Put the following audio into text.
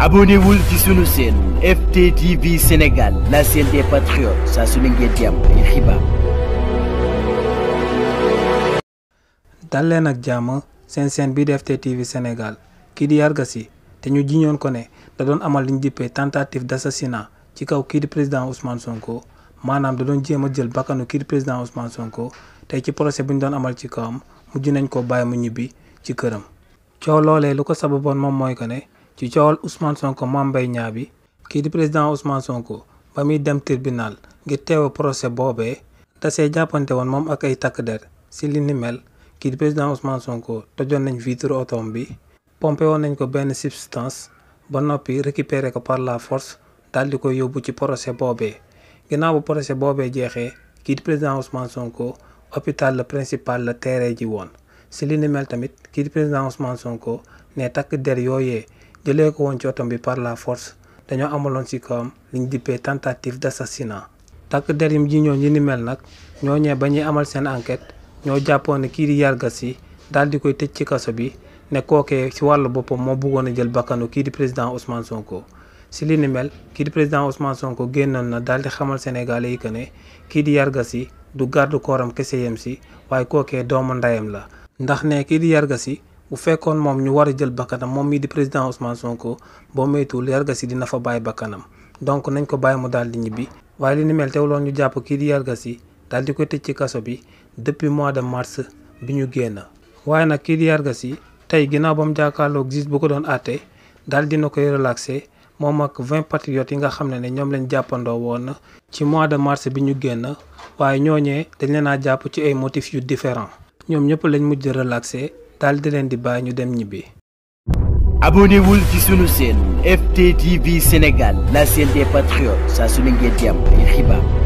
abonnez-vous sur sunu chaîne FTTV Sénégal la chaîne des patriotes Ça su ne ngeen jàmm ay xibaar. dal ak chaîne bii di FTTV Sénégal Qui di Yarga Sy te ñu jiñoon ko ne da doon amal li tentative d'assassinat ci kaw kii di président Ousmane Sonko Manam da doon jéem a jël bakkanu kii di président Ousmane Sonko T'es ci procès bu doon amal ci kawam mujj nañ ko bàyyi mu ñibbi ci këram. coow loolee lu ko sababoon moom mooy ko ne. ci coowal Ousmane Sonko Mame Mbaye Niang bi kii di président Ousmane Sonko ba muy dem tribunal ngir teew procès boobee dasee jàppante woon moom ak ay takk der si li mel kii di président Ousmane Sonko tojoon nañ vitre otoom bi pompé woon nañ ko benn substance ba noppi récupéré ko par la force daal di koy yóbbu ci procès boobee ginnaaw bu procès boobee jeexee kii di président Ousmane Sonko hôpital le principal la teeree ji woon si li mel tamit kii di président Sonko ne takk der yooyee jëlee ko woon ci otom bi par la force dañoo amaloon ci kawam liñ dippee tentative d'assassinat takk der yim ji ñoo ñi ni mel nag ñoo ñee ba ñuy amal seen enquête ñoo jàppoon ne kii di yarga si daal di koy tëj ci kaso bi ne kookee ci wàllu boppam moo bëggoon a jël bakkanu kii di président Ousmane Sonko si li ni mel kii di président Ousmane Sonko génnoon na daal di xamal sénégalais yi que ne kii di yarga si du gàddu kooram kese yem si waaye kookee doomu ndeyam la ndax ne kii di yarga si bu fekkoon moom ñu war a jël bakkanam moom mii di président Ousmane Sonko boo moytuwul Yarga Sy dina fa bàyyi bakkanam donc nañ ko bàyyi mu daal di ñibbi waaye li ni mel ñu jàpp kii di Yarga Sy daal di ko tëj ci kaso bi depuis mois de mars bi ñu génn waaye nag kii di Yarga Sy tey ginnaaw ba mu jàkkaarloo gis bu ko doon àtte daal dina koy relaxé moom ak 20 patriotes yi nga xam ne ne ñoom lañ jàppandoo woon ci mois de mars bi ñu génn waaye ñooñee dañ leen naa jàpp ci ay motifs yu ñoom ñëpp lañ mujj relaxé daal di leen di bàyyi ñu dem ñibbi. abonnewul ci sunu chaîne FTTV Sénégal la chaîne des patriotes saa su ne ngeen di xibaar.